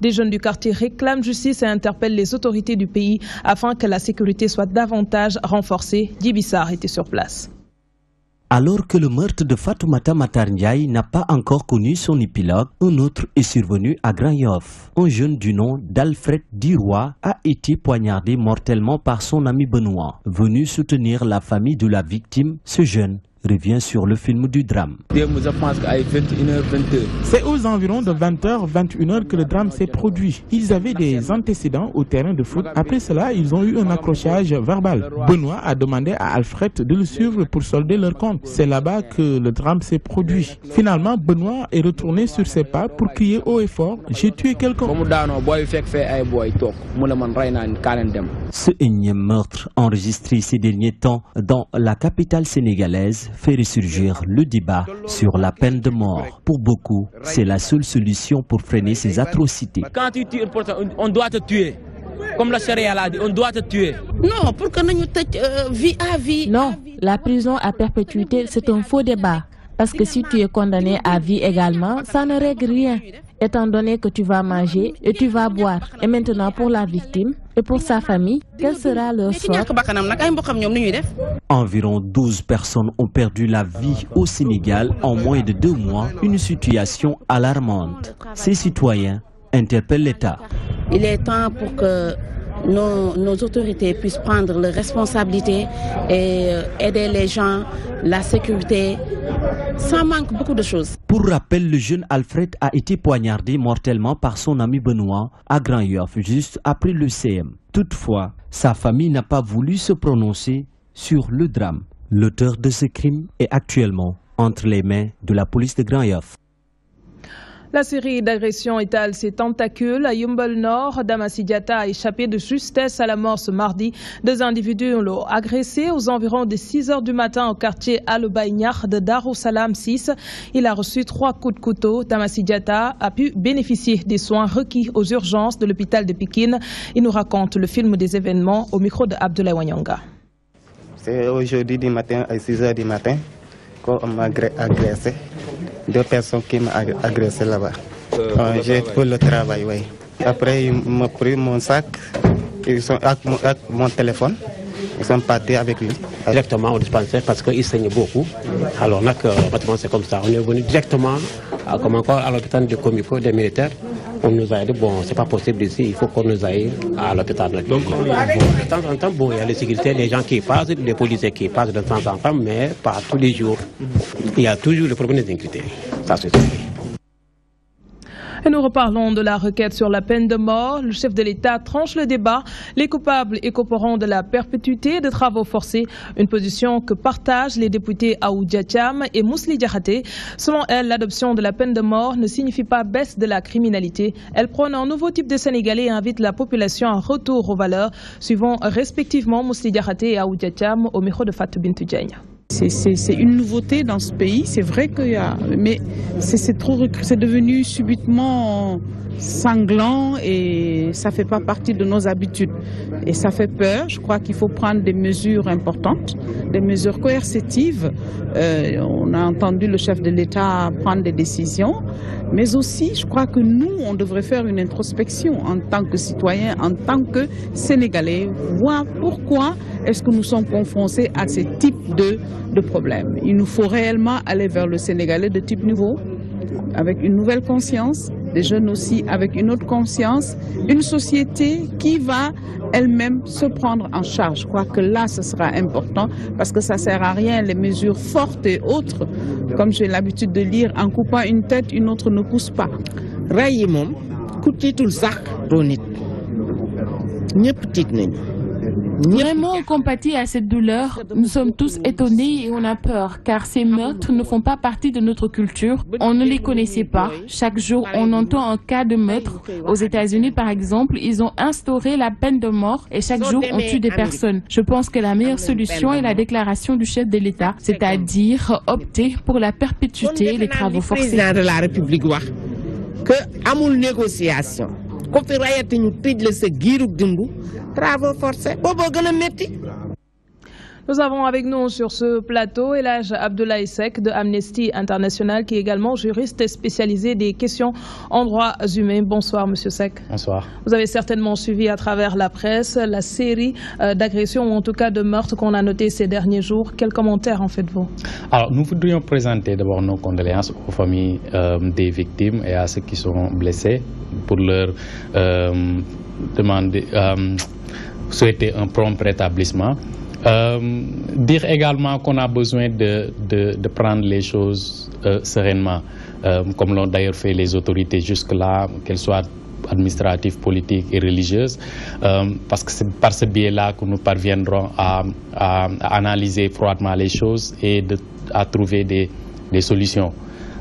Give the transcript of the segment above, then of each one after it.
des jeunes du quartier réclament justice et interpellent les autorités du pays afin que la sécurité soit davantage renforcée. Dibissar était sur place. Alors que le meurtre de Fatoumata Matarniaï n'a pas encore connu son épilogue, un autre est survenu à Grand Un jeune du nom d'Alfred Diroy a été poignardé mortellement par son ami Benoît. Venu soutenir la famille de la victime, ce jeune revient sur le film du drame. C'est aux environs de 20h, 21h que le drame s'est produit. Ils avaient des antécédents au terrain de foot. Après cela, ils ont eu un accrochage verbal. Benoît a demandé à Alfred de le suivre pour solder leur compte. C'est là-bas que le drame s'est produit. Finalement, Benoît est retourné sur ses pas pour crier haut et fort « J'ai tué quelqu'un ». Ce énième meurtre enregistré ces derniers temps dans la capitale sénégalaise fait ressurgir le débat sur la peine de mort. Pour beaucoup, c'est la seule solution pour freiner ces atrocités. Quand tu tues on doit te tuer. Comme la chérie l'a dit, on doit te tuer. Non, pour que nous euh, vie à vie. Non, la prison à perpétuité, c'est un faux débat. Parce que si tu es condamné à vie également, ça ne règle rien étant donné que tu vas manger et tu vas boire. Et maintenant, pour la victime et pour sa famille, quel sera leur sort Environ 12 personnes ont perdu la vie au Sénégal en moins de deux mois, une situation alarmante. Ces citoyens interpellent l'État. Il est temps pour que nos, autorités puissent prendre leurs responsabilités et euh, aider les gens, la sécurité. Ça manque beaucoup de choses. Pour rappel, le jeune Alfred a été poignardé mortellement par son ami Benoît à Grand Yoff, juste après le CM. Toutefois, sa famille n'a pas voulu se prononcer sur le drame. L'auteur de ce crime est actuellement entre les mains de la police de Grand Yoff. La série d'agressions étale ses tentacules. À Yumbel Nord, Damasidiata a échappé de justesse à la mort ce mardi. Deux individus l'ont agressé aux environs de 6 heures du matin au quartier al de de Darussalam 6. Il a reçu trois coups de couteau. Damasidiata a pu bénéficier des soins requis aux urgences de l'hôpital de Pékin. Il nous raconte le film des événements au micro de Abdoulaye Wanyanga. C'est aujourd'hui du matin à 6 heures du matin qu'on m'a agressé deux personnes qui m'ont agressé là-bas. Euh, j'ai pour le travail, oui. Après, ils m'ont pris mon sac ils sont avec mon, téléphone. Ils sont partis avec lui. Directement au dispensaire parce qu'il saigne beaucoup. Alors là, euh, c'est comme ça. On est venu directement, à euh, à l'hôpital du Comico des militaires on nous a dit, bon, c'est pas possible ici, il faut qu'on nous aille à l'hôpital. Donc, de temps en temps, bon, il y a les sécurités, les gens qui passent, les policiers qui passent de temps en temps, mais pas tous les jours. Il y a toujours le problème inquiétés. Ça, c'est nous reparlons de la requête sur la peine de mort. Le chef de l'État tranche le débat. Les coupables écoperont de la perpétuité de travaux forcés, une position que partagent les députés Aoudia et Mousli Diakhaté. Selon elle, l'adoption de la peine de mort ne signifie pas baisse de la criminalité. Elle prône un nouveau type de Sénégalais et invite la population à retour aux valeurs, suivant respectivement Mousli Diakhaté et Aoudia au micro de Fatou Bintou c'est une nouveauté dans ce pays, c'est vrai qu'il y a, mais c'est trop, c'est devenu subitement sanglant et ça ne fait pas partie de nos habitudes. Et ça fait peur. Je crois qu'il faut prendre des mesures importantes, des mesures coercitives. Euh, on a entendu le chef de l'État prendre des décisions, mais aussi je crois que nous, on devrait faire une introspection en tant que citoyens, en tant que Sénégalais, voir pourquoi est-ce que nous sommes confrontés à ce type de, de problèmes. Il nous faut réellement aller vers le Sénégalais de type nouveau, avec une nouvelle conscience des jeunes aussi avec une autre conscience, une société qui va elle-même se prendre en charge. Je crois que là, ce sera important parce que ça sert à rien les mesures fortes et autres, comme j'ai l'habitude de lire, en coupant une tête, une autre ne pousse pas. rey mon Vraiment compatis à cette douleur, nous sommes tous étonnés et on a peur, car ces meurtres ne font pas partie de notre culture. On ne les connaissait pas. Chaque jour, on entend un cas de meurtre. Aux États-Unis, par exemple, ils ont instauré la peine de mort et chaque jour, on tue des personnes. Je pense que la meilleure solution est la déclaration du chef de l'État, c'est-à-dire opter pour la perpétuité les travaux forcés. que négociation travaux forcés Nous avons avec nous sur ce plateau Elage Abdoulaye Sek de Amnesty International, qui est également juriste spécialisé des questions en droits humains. Bonsoir, Monsieur Sek. Bonsoir. Vous avez certainement suivi à travers la presse la série euh, d'agressions, ou en tout cas de meurtres qu'on a notés ces derniers jours. Quels commentaires en faites-vous Alors, nous voudrions présenter d'abord nos condoléances aux familles euh, des victimes et à ceux qui sont blessés pour leur euh, demander, euh, souhaiter un prompt rétablissement. Euh, dire également qu'on a besoin de, de, prendre les choses euh, sereinement, comme l'ont d'ailleurs fait les autorités jusque-là, qu'elles soient administratives, politiques et religieuses, parce que c'est par ce biais-là que nous parviendrons à, à, analyser froidement les choses et à trouver des, des solutions.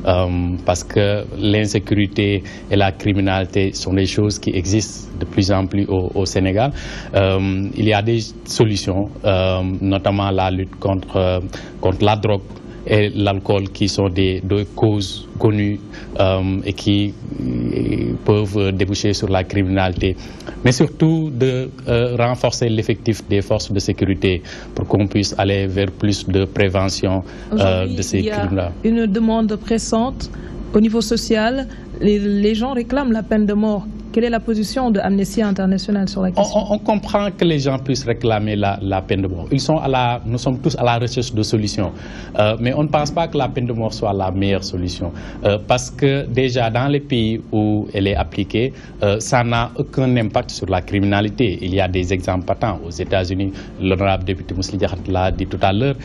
Euh, parce que l'insécurité et la criminalité sont des choses qui existent de plus en plus au, au Sénégal. Euh, il y a des solutions, euh, notamment la lutte contre, euh, contre la drogue, et l'alcool qui sont des deux causes connues euh, et qui euh, peuvent déboucher sur la criminalité. Mais surtout de euh, renforcer l'effectif des forces de sécurité pour qu'on puisse aller vers plus de prévention de ces crimes-là. Une demande pressante au niveau social, les gens réclament la peine de mort. Quelle est la position de Amnesty International sur la question on, comprend que les gens puissent réclamer la, peine de mort. Ils sont à la, nous sommes tous à la recherche de solutions. Euh, mais on ne pense pas que la peine de mort soit la meilleure solution. Euh, parce que déjà, dans les pays où elle est appliquée, euh, ça n'a aucun impact sur la criminalité. Il y a des exemples patents. Aux États-Unis, l'honorable député Mousli l'a dit tout à l'heure,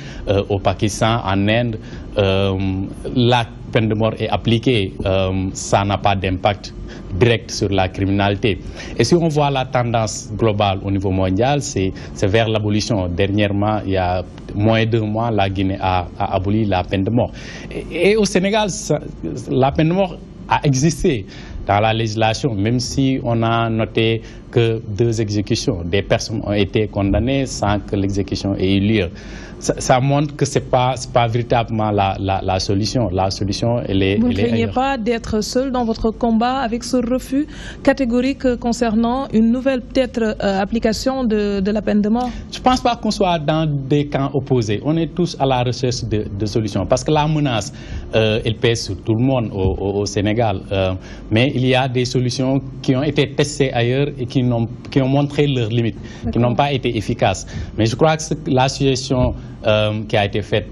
au Pakistan, en Inde, la peine de mort est appliquée, euh, ça n'a pas d'impact direct sur la criminalité. Et si on voit la tendance globale au niveau mondial, c'est vers l'abolition. Dernièrement, il y a moins de deux mois, la Guinée a, aboli la peine de mort. Et, au Sénégal, la peine de mort a existé dans la législation, même si on a noté que deux exécutions, des personnes ont été condamnées sans que l'exécution ait eu lieu ça, montre que ce n'est pas, pas véritablement la, solution. La solution, elle est. Vous ne craignez pas d'être seul dans votre combat avec ce refus catégorique concernant une nouvelle, peut-être, euh, application de, la peine de mort Je ne pense pas qu'on soit dans des camps opposés. On est tous à la recherche de, solutions. Parce que la menace, euh, elle pèse sur tout le monde au, Sénégal. Euh, mais il y a des solutions qui ont été testées ailleurs et qui, ont, qui ont montré leurs limites, qui n'ont pas été efficaces. Mais je crois que la suggestion. Euh, qui a été faite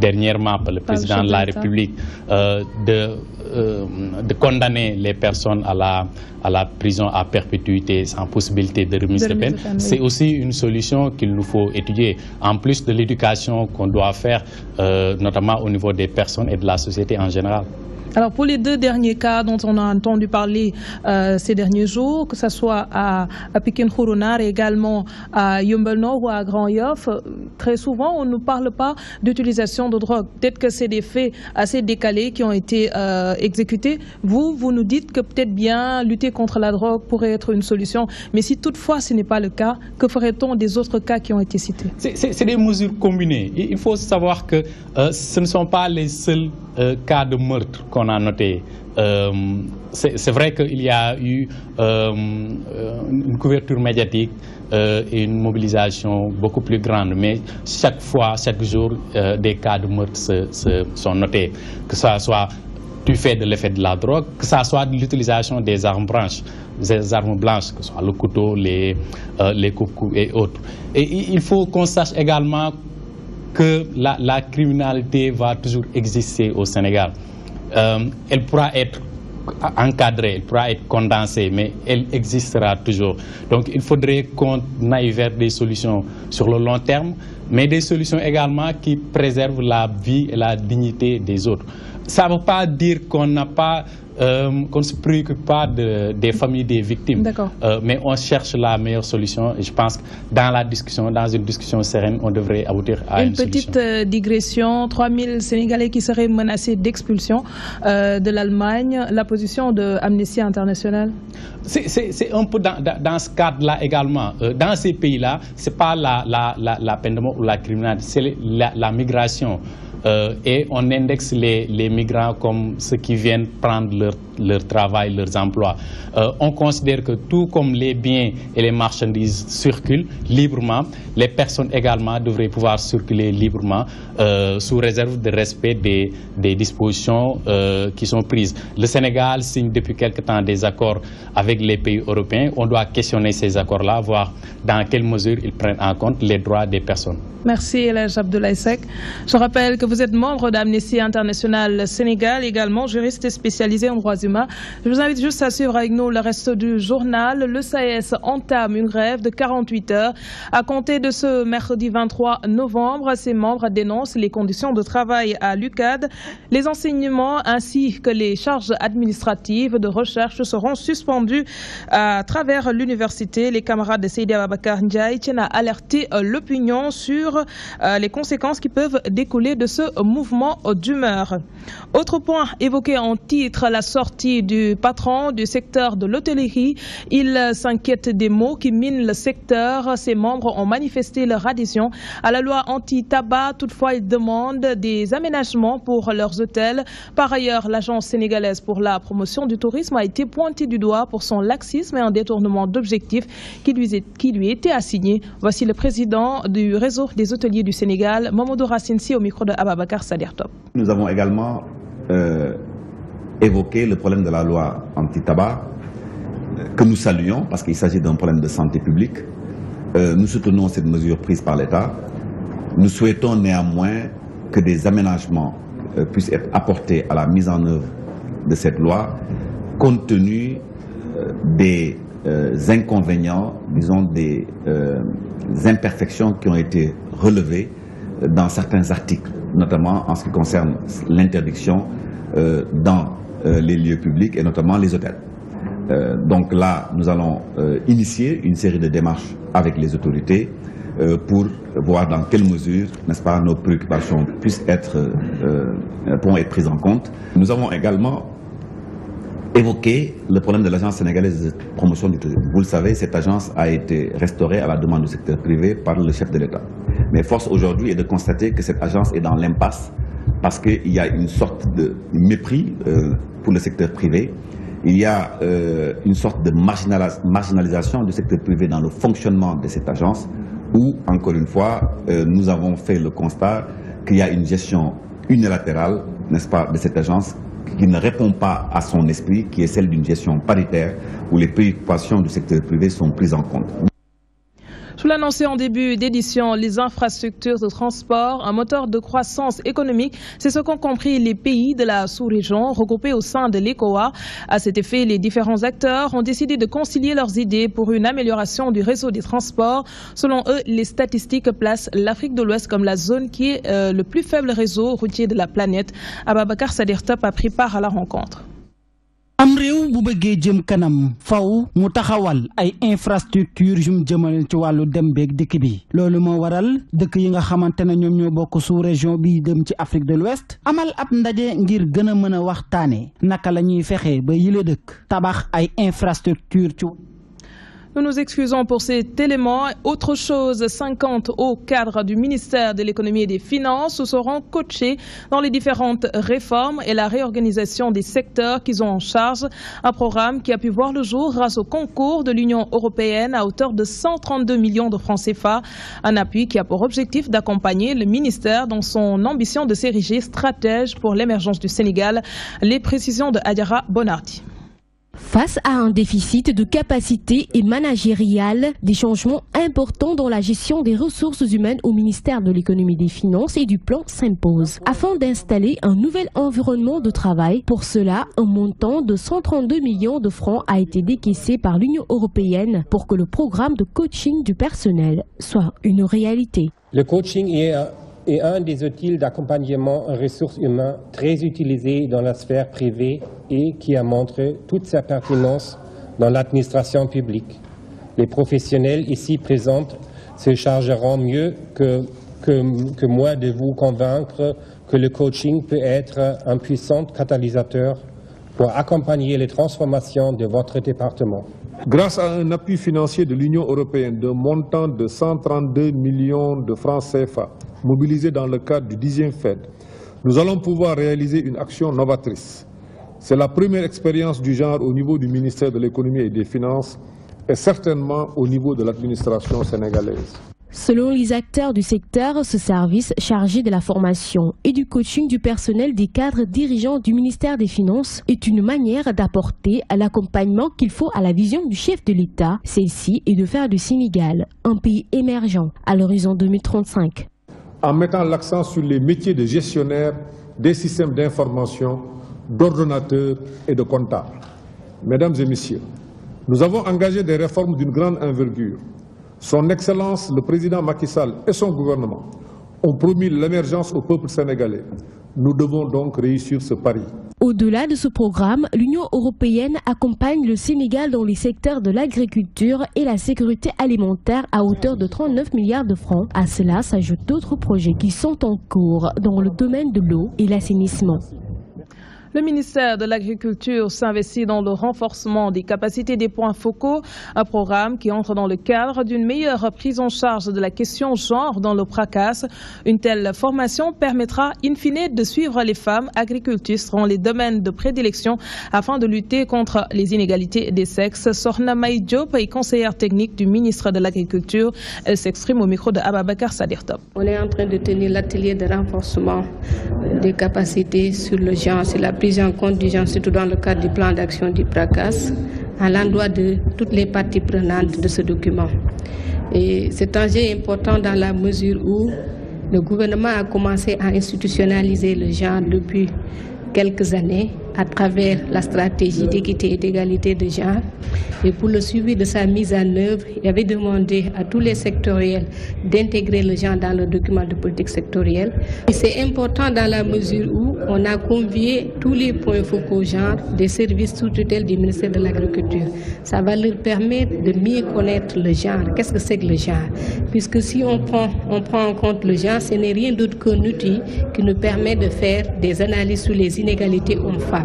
dernièrement par le président de la République euh, de, euh, de, condamner les personnes à la, à la prison à perpétuité sans possibilité de remise de, peine, c'est aussi une solution qu'il nous faut étudier. En plus de l'éducation qu'on doit faire, notamment au niveau des personnes et de la société en général. Alors pour les deux derniers cas dont on a entendu parler euh, ces derniers jours, que ce soit à, à khurunar et également à Yumbel Nord ou à Grand Yoff, euh, très souvent on ne parle pas d'utilisation de drogue. Peut-être que c'est des faits assez décalés qui ont été euh, exécutés. Vous, vous nous dites que peut-être bien lutter contre la drogue pourrait être une solution. Mais si toutefois ce n'est pas le cas, que ferait-on des autres cas qui ont été cités C'est des mesures combinées. Il faut savoir que ce ne sont pas les seuls cas de meurtre a noté, euh, c'est vrai qu'il y a eu euh, une couverture médiatique euh, et une mobilisation beaucoup plus grande, mais chaque fois, chaque jour, des cas de meurtre se, sont notés, que ce soit du fait de l'effet de la drogue, que ce soit de l'utilisation des armes blanches, des armes blanches, que ce soit le couteau, les, les coucous et autres. Et il faut qu'on sache également que la, criminalité va toujours exister au Sénégal. Euh, elle pourra être encadrée, elle pourra être condensée, mais elle existera toujours. Donc il faudrait qu'on aille vers des solutions sur le long terme, mais des solutions également qui préservent la vie et la dignité des autres. Ça ne veut pas dire qu'on n'a pas euh, qu'on ne se préoccupe pas des familles des victimes. Euh, mais on cherche la meilleure solution. Et je pense que dans la discussion, dans une discussion sereine, on devrait aboutir à une, une petite euh, digression. digression. 3000 Sénégalais qui seraient menacés d'expulsion de l'Allemagne. La position de Amnesty International C'est un peu dans, ce cadre-là également. dans ces pays-là, ce n'est pas la, la, la, peine de mort ou la criminalité, c'est la migration. Euh, et on indexe les, migrants comme ceux qui viennent prendre leur, travail, leurs emplois. Euh, on considère que tout comme les biens et les marchandises circulent librement, les personnes également devraient pouvoir circuler librement euh, sous réserve de respect des, dispositions qui sont prises. Le Sénégal signe depuis quelque temps des accords avec les pays européens. On doit questionner ces accords-là, voir dans quelle mesure ils prennent en compte les droits des personnes. Merci, Hélène Abdoulaye Sek. Je rappelle que vous êtes membre d'Amnesty International Sénégal, également juriste spécialisé en droits humains. Je vous invite juste à suivre avec nous le reste du journal. Le SAES entame une grève de 48 heures. À compter de ce mercredi 23 novembre, ses membres dénoncent les conditions de travail à l'UCAD. Les enseignements ainsi que les charges administratives de recherche seront suspendues à travers l'université. Les camarades de Seydi Ababakar Ndiaye tiennent à alerter l'opinion sur euh, les conséquences qui peuvent découler de ce mouvement d'humeur. Autre point évoqué en titre, la sortie du patron du secteur de l'hôtellerie. Il s'inquiète des mots qui minent le secteur. Ses membres ont manifesté leur adhésion à la loi anti-tabac. Toutefois, ils demandent des aménagements pour leurs hôtels. Par ailleurs, l'agence sénégalaise pour la promotion du tourisme a été pointée du doigt pour son laxisme et un détournement d'objectifs qui lui, qui lui était assigné. Voici le président du réseau des hôteliers du Sénégal, Mamadou Racinci, au micro de Abba nous avons également euh, évoqué le problème de la loi anti-tabac euh, que nous saluons parce qu'il s'agit d'un problème de santé publique. Euh, nous soutenons cette mesure prise par l'État. Nous souhaitons néanmoins que des aménagements puissent être apportés à la mise en œuvre de cette loi compte tenu des inconvénients, disons des imperfections qui ont été relevées dans certains articles notamment en ce qui concerne l'interdiction euh, dans euh, les lieux publics et notamment les hôtels. Euh, donc là, nous allons initier une série de démarches avec les autorités pour voir dans quelle mesure, n'est-ce pas, nos préoccupations puissent être, pourront être prises en compte. Nous avons également évoqué le problème de l'agence sénégalaise de promotion du tourisme. Vous le savez, cette agence a été restaurée à la demande du secteur privé par le chef de l'État. Mais force aujourd'hui est de constater que cette agence est dans l'impasse parce qu'il y a une sorte de mépris euh, pour le secteur privé. Il y a euh, une sorte de marginalisation du secteur privé dans le fonctionnement de cette agence où, encore une fois, euh, nous avons fait le constat qu'il y a une gestion unilatérale, n'est-ce pas, de cette agence qui ne répond pas à son esprit, qui est celle d'une gestion paritaire où les préoccupations du secteur privé sont prises en compte. Je vous en début d'édition, les infrastructures de transport, un moteur de croissance économique, c'est ce qu'ont compris les pays de la sous-région regroupés au sein de l'ECOA. À cet effet, les différents acteurs ont décidé de concilier leurs idées pour une amélioration du réseau des transports. Selon eux, les statistiques placent l'Afrique de l'Ouest comme la zone qui est euh, le plus faible réseau routier de la planète. Ababakar Sadir Top a pris part à la rencontre. am réew bu bëggee jëm kanam faw mu taxawal ay infrastructure yum jëmale ci wàllu dem beeg dikk bi loolu moo waral dëkk yi nga xamante ne ñoom ñoo bokk sous région bi dem ci Afrique de l'Ouest amal ab ndaje ngir gën a mën a waxtaane naka la ñuy fexe ba yile dëkk tabax ay infrastructure ci Nous nous excusons pour cet élément. Autre chose, 50 hauts cadres du ministère de l'économie et des finances seront coachés dans les différentes réformes et la réorganisation des secteurs qu'ils ont en charge. Un programme qui a pu voir le jour grâce au concours de l'Union européenne à hauteur de 132 millions de francs CFA. Un appui qui a pour objectif d'accompagner le ministère dans son ambition de s'ériger stratège pour l'émergence du Sénégal. Les précisions de Adiara Bonardi face à un déficit de capacité et managériale, des changements importants dans la gestion des ressources humaines au ministère de l'économie des finances et du plan s'imposent, afin d'installer un nouvel environnement de travail. Pour cela, un montant de 132 millions de francs a été décaissé par l'Union européenne pour que le programme de coaching du personnel soit une réalité. Le coaching est et un des outils d'accompagnement en ressources humaines très utilisés dans la sphère privée et qui a montré toute sa pertinence dans l'administration publique. Les professionnels ici présents se chargeront mieux que, que moi de vous convaincre que le coaching peut être un puissant catalyseur pour accompagner les transformations de votre département. Grâce à un appui financier de l'Union européenne d'un montant de 132 millions de francs CFA mobilisés dans le cadre du 10e FED, nous allons pouvoir réaliser une action novatrice. C'est la première expérience du genre au niveau du ministère de l'économie et des finances et certainement au niveau de l'administration sénégalaise. Selon les acteurs du secteur, ce service chargé de la formation et du coaching du personnel des cadres dirigeants du ministère des Finances est une manière d'apporter l'accompagnement qu'il faut à la vision du chef de l'État. Celle-ci est de faire du Sénégal un pays émergent à l'horizon 2035. En mettant l'accent sur les métiers de gestionnaire des systèmes d'information, d'ordonnateurs et de comptables. Mesdames et messieurs, nous avons engagé des réformes d'une grande envergure son Excellence, le président Macky Sall et son gouvernement ont promis l'émergence au peuple sénégalais. Nous devons donc réussir ce pari. Au-delà de ce programme, l'Union européenne accompagne le Sénégal dans les secteurs de l'agriculture et la sécurité alimentaire à hauteur de 39 milliards de francs. À cela s'ajoutent d'autres projets qui sont en cours dans le domaine de l'eau et l'assainissement. Le ministère de l'Agriculture s'investit dans le renforcement des capacités des points focaux, un programme qui entre dans le cadre d'une meilleure prise en charge de la question genre dans le Prakas. Une telle formation permettra in fine de suivre les femmes agricultrices dans les domaines de prédilection afin de lutter contre les inégalités des sexes. Sorna Maïdiop est conseillère technique du ministre de l'Agriculture. s'exprime au micro de Ababakar Sadirtop. On est en train de tenir l'atelier de renforcement des capacités sur le genre, sur la prise en compte du genre, surtout dans le cadre du plan d'action du PRACAS, à l'endroit de toutes les parties prenantes de ce document. Et cet enjeu est important dans la mesure où le gouvernement a commencé à institutionnaliser le genre depuis quelques années à travers la stratégie d'équité et d'égalité de genre. Et pour le suivi de sa mise en œuvre, il avait demandé à tous les sectoriels d'intégrer le genre dans le document de politique sectorielle. Et c'est important dans la mesure où on a convié tous les points focaux genre des services sous tutelle du ministère de l'Agriculture. Ça va leur permettre de mieux connaître le genre. Qu'est-ce que c'est que le genre Puisque si on prend, on prend en compte le genre, ce n'est rien d'autre qu'un outil qui nous permet de faire des analyses sur les inégalités hommes-femmes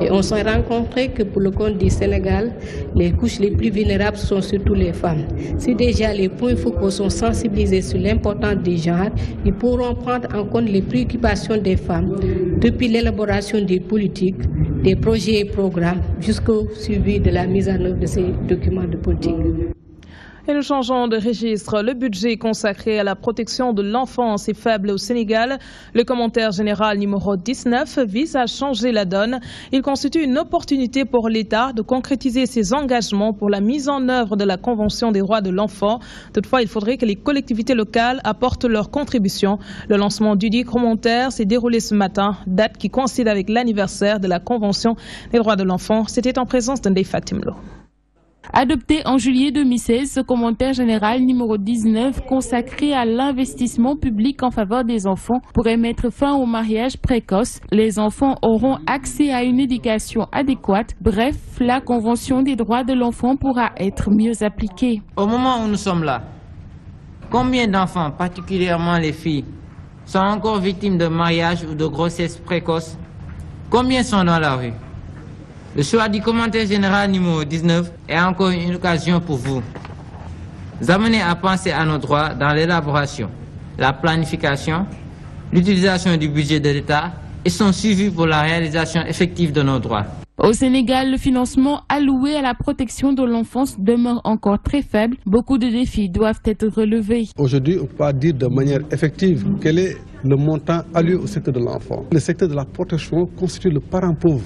et on s'est rencontré que pour le compte du Sénégal, les couches les plus vulnérables sont surtout les femmes. Si déjà les points focaux sont sensibilisés sur l'importance des genres, ils pourront prendre en compte les préoccupations des femmes depuis l'élaboration des politiques, des projets et programmes jusqu'au suivi de la mise en œuvre de ces documents de politique. Et nous changeons de registre. Le budget consacré à la protection de l'enfance est faible au Sénégal. Le commentaire général numéro 19 vise à changer la donne. Il constitue une opportunité pour l'État de concrétiser ses engagements pour la mise en œuvre de la Convention des droits de l'enfant. Toutefois, il faudrait que les collectivités locales apportent leur contribution. Le lancement du dit commentaire s'est déroulé ce matin, date qui coïncide avec l'anniversaire de la Convention des droits de l'enfant. C'était en présence d'un Fatimlo. Adopté en juillet 2016, ce commentaire général numéro 19 consacré à l'investissement public en faveur des enfants pourrait mettre fin au mariage précoce. Les enfants auront accès à une éducation adéquate. Bref, la Convention des droits de l'enfant pourra être mieux appliquée. Au moment où nous sommes là, combien d'enfants, particulièrement les filles, sont encore victimes de mariage ou de grossesse précoce Combien sont dans la rue le choix du commentaire général numéro 19 est encore une occasion pour vous. Vous amenez à penser à nos droits dans l'élaboration, la planification, l'utilisation du budget de l'État et son suivi pour la réalisation effective de nos droits. Au Sénégal, le financement alloué à la protection de l'enfance demeure encore très faible. Beaucoup de défis doivent être relevés. Aujourd'hui, on peut pas dire de manière effective quel est le montant alloué au secteur de l'enfant. Le secteur de la protection constitue le parent pauvre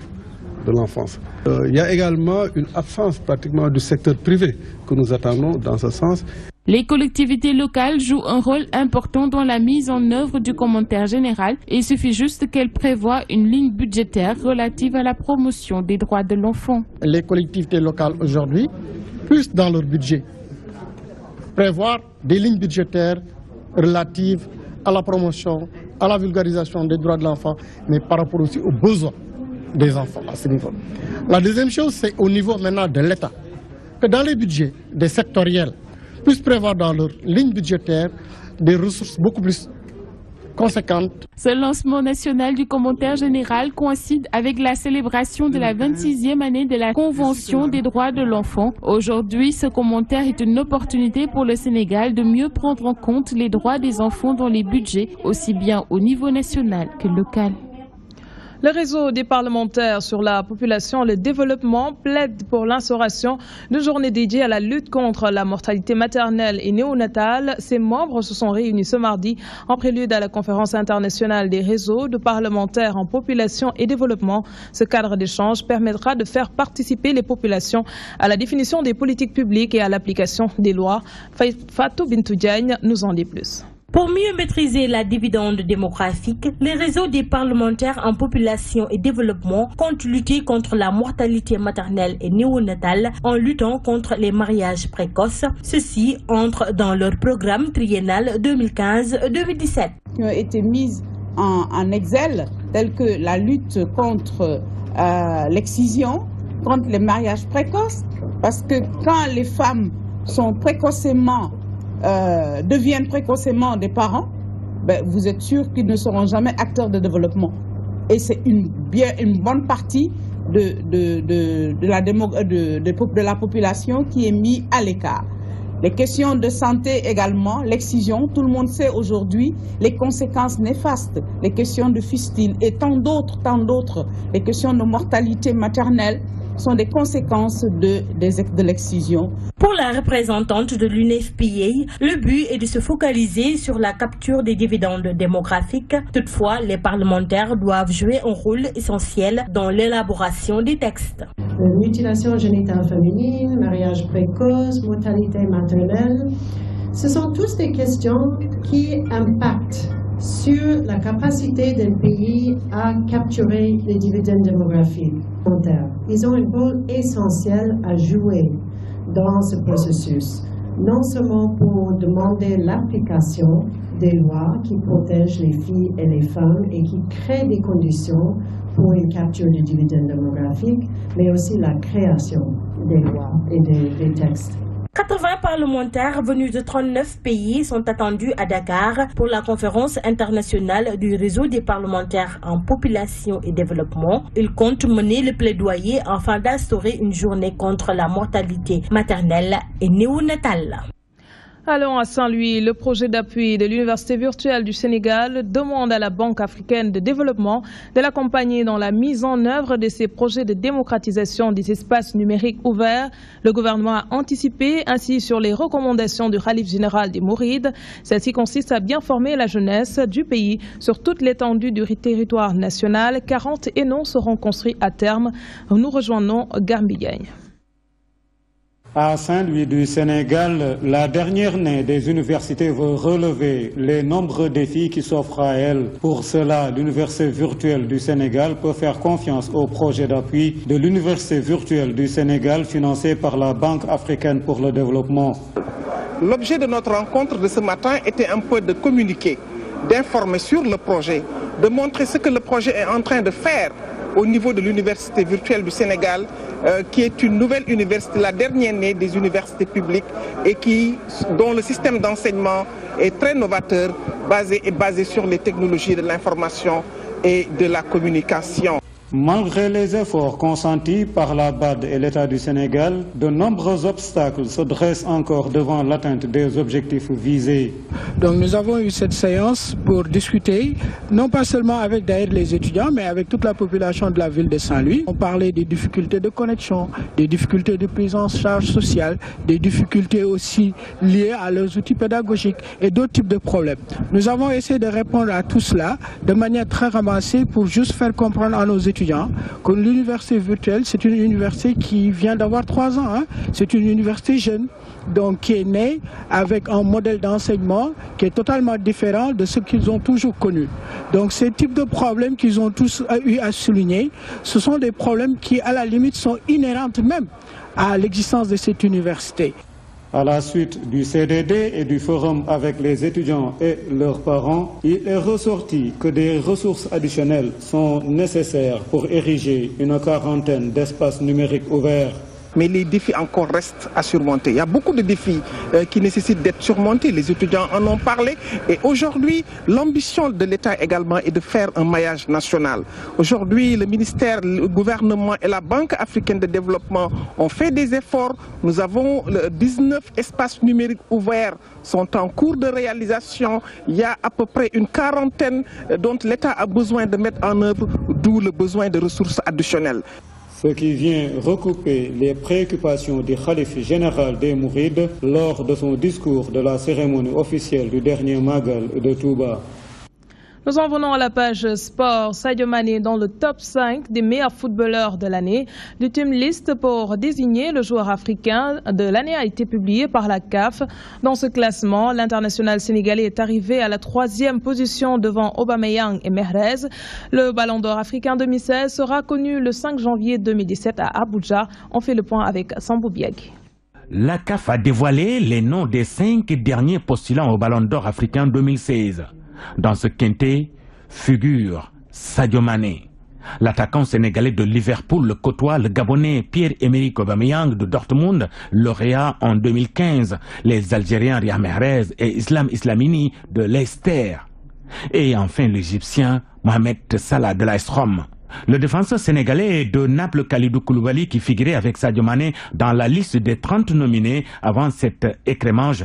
de l'enfance. Euh, il y a également une absence pratiquement du secteur privé que nous attendons dans ce sens. Les collectivités locales jouent un rôle important dans la mise en œuvre du commentaire général. Il suffit juste qu'elles prévoient une ligne budgétaire relative à la promotion des droits de l'enfant. Les collectivités locales aujourd'hui, puissent dans leur budget, prévoir des lignes budgétaires relatives à la promotion, à la vulgarisation des droits de l'enfant, mais par rapport aussi aux besoins des enfants à ce niveau. La deuxième chose, c'est au niveau maintenant de l'État, que dans les budgets des sectoriels puissent prévoir dans leur ligne budgétaire des ressources beaucoup plus conséquentes. Ce lancement national du commentaire général coïncide avec la célébration de la 26e année de la Convention des droits de l'enfant. Aujourd'hui, ce commentaire est une opportunité pour le Sénégal de mieux prendre en compte les droits des enfants dans les budgets, aussi bien au niveau national que local. Le réseau des parlementaires sur la population et le développement plaide pour l'instauration de journées dédiées à la lutte contre la mortalité maternelle et néonatale. Ses membres se sont réunis ce mardi en prélude à la conférence internationale des réseaux de parlementaires en population et développement. Ce cadre d'échange permettra de faire participer les populations à la définition des politiques publiques et à l'application des lois. Fatou Bintou nous en dit plus. Pour mieux maîtriser la dividende démographique, les réseaux des parlementaires en population et développement comptent lutter contre la mortalité maternelle et néonatale en luttant contre les mariages précoces. Ceci entre dans leur programme triennal 2015-2017. Qui ont été mis en, exil, que la lutte contre euh, l'excision, contre les mariages précoces, parce que quand les femmes sont précocement euh, deviennent précocement des parents, ben, vous êtes sûr qu'ils ne seront jamais acteurs de développement. Et c'est une, bien, une bonne partie de, de, euh, la population qui est mise à l'écart. Les questions de santé également, l'excision, tout le monde sait aujourd'hui les conséquences néfastes, les questions de fistine et tant d'autres, tant d'autres, les questions de mortalité maternelle sont des conséquences de, de, l'excision. Pour la représentante de l'UNFPA, le but est de se focaliser sur la capture des dividendes démographiques. Toutefois, les parlementaires doivent jouer un rôle essentiel dans l'élaboration des textes. Euh, mutilation génitale féminine, mariage précoce, mortalité maternelle, ce sont tous des questions qui impactent sur la capacité d'un pays à capturer les dividendes démographiques ils ont un rôle essentiel à jouer dans ce processus, non seulement pour demander l'application des lois qui protègent les filles et les femmes et qui créent des conditions pour une capture du dividende démographique, mais aussi la création des lois et des textes. 80 parlementaires venus de 39 pays sont attendus à Dakar pour la conférence internationale du réseau des parlementaires en population et développement. Ils comptent mener le plaidoyer afin d'instaurer une journée contre la mortalité maternelle et néonatale. Allons à Saint-Louis. Le projet d'appui de l'Université virtuelle du Sénégal demande à la Banque africaine de développement de l'accompagner dans la mise en œuvre de ses projets de démocratisation des espaces numériques ouverts. Le gouvernement a anticipé ainsi sur les recommandations du Khalif général des Mourides. Celle-ci consiste à bien former la jeunesse du pays sur toute l'étendue du territoire national. 40 non seront construits à terme. Nous rejoignons Garmbigagne. À Saint-Louis du Sénégal, la dernière année des universités veut relever les nombreux défis qui s'offrent à elle. Pour cela, l'Université virtuelle du Sénégal peut faire confiance au projet d'appui de l'Université virtuelle du Sénégal financé par la Banque africaine pour le développement. L'objet de notre rencontre de ce matin était un peu de communiquer, d'informer sur le projet, de montrer ce que le projet est en train de faire au niveau de l'Université virtuelle du Sénégal euh, qui est une nouvelle université, la dernière née des universités publiques et qui, dont le système d'enseignement est très novateur, basé, basé sur les technologies de l'information et de la communication. Malgré les efforts consentis par la BAD et l'État du Sénégal, de nombreux obstacles se dressent encore devant l'atteinte des objectifs visés. Donc nous avons eu cette séance pour discuter, non pas seulement avec les étudiants, mais avec toute la population de la ville de Saint-Louis. On parlait des difficultés de connexion, des difficultés de prise en charge sociale, des difficultés aussi liées à leurs outils pédagogiques et d'autres types de problèmes. Nous avons essayé de répondre à tout cela de manière très ramassée pour juste faire comprendre à nos étudiants que l'université virtuelle, c'est une université qui vient d'avoir trois ans. Hein. C'est une université jeune, donc qui est née avec un modèle d'enseignement qui est totalement différent de ce qu'ils ont toujours connu. Donc ces types de problèmes qu'ils ont tous eu à souligner, ce sont des problèmes qui, à la limite, sont inhérents même à l'existence de cette université. À la suite du CDD et du forum avec les étudiants et leurs parents, il est ressorti que des ressources additionnelles sont nécessaires pour ériger une quarantaine d'espaces numériques ouverts mais les défis encore restent à surmonter. Il y a beaucoup de défis euh, qui nécessitent d'être surmontés. Les étudiants en ont parlé. Et aujourd'hui, l'ambition de l'État également est de faire un maillage national. Aujourd'hui, le ministère, le gouvernement et la Banque africaine de développement ont fait des efforts. Nous avons 19 euh, espaces numériques ouverts sont en cours de réalisation. Il y a à peu près une quarantaine euh, dont l'État a besoin de mettre en œuvre, d'où le besoin de ressources additionnelles ce qui vient recouper les préoccupations du calife général des Mourides lors de son discours de la cérémonie officielle du dernier Magal de Touba. Nous en venons à la page sport. Sadio dans le top 5 des meilleurs footballeurs de l'année. team list pour désigner le joueur africain de l'année a été publié par la CAF. Dans ce classement, l'international sénégalais est arrivé à la troisième position devant Aubameyang et Mehrez. Le Ballon d'Or africain 2016 sera connu le 5 janvier 2017 à Abuja. On fait le point avec Sambou Biag. La CAF a dévoilé les noms des cinq derniers postulants au Ballon d'Or africain 2016. Dans ce quintet figure Sadio Mané. L'attaquant sénégalais de Liverpool côtoie le Gabonais Pierre-Emerick Aubameyang de Dortmund, lauréat en 2015, les Algériens Riyad Mahrez et Islam Islamini de Leicester. Et enfin l'Égyptien Mohamed Salah de l'Aistrom. Le défenseur sénégalais de Naples, Khalidou Koulibaly, qui figurait avec Sadio Mané dans la liste des 30 nominés avant cet écrémage